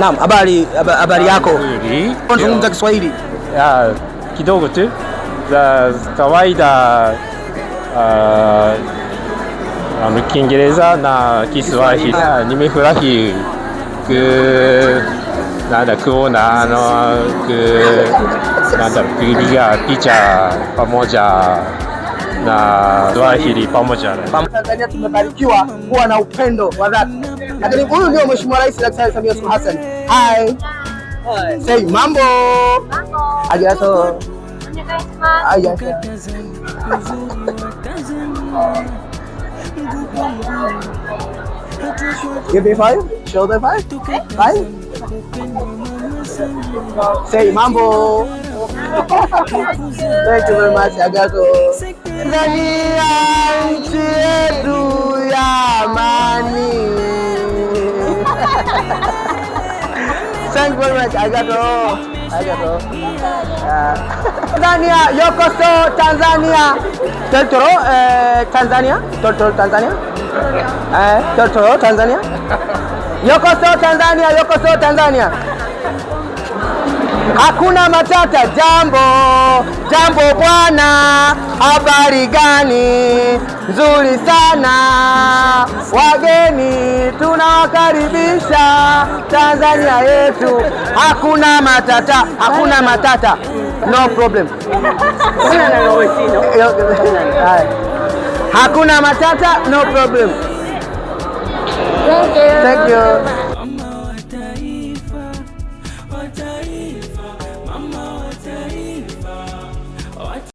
Naam, habari habari yako? Unazungumza Kiswahili? Ah, kidogo tu. Za kawaida uh, Kiingereza na Kiswahili. Ah, nimefurahi ku nada kuona no, ku nada kupiga picha pamoja na Kiswahili pamoja. Tanzania tumebarikiwa kuwa na upendo wa dhati. Lakini huyu ndio Mheshimiwa Rais Daktari Samia Suluhu Hassan. Hi. Say mambo. Mambo. Give me five. Shoulder five. Five. Say mambo. Thank you very much. Agato. Thank you very much. I I got all. Arigato. Arigato. Tanzania, yokoso Tanzania. Totoro, eh, Tanzania. Totoro, Tanzania. Eh, Totoro, Tanzania. Yokoso Tanzania, yokoso Tanzania. Hakuna matata. Jambo, jambo bwana, habari gani? Nzuri sana, wageni tunawakaribisha Tanzania yetu, hakuna matata, hakuna matata, no problem hakuna matata, no problem. Thank you. Thank you.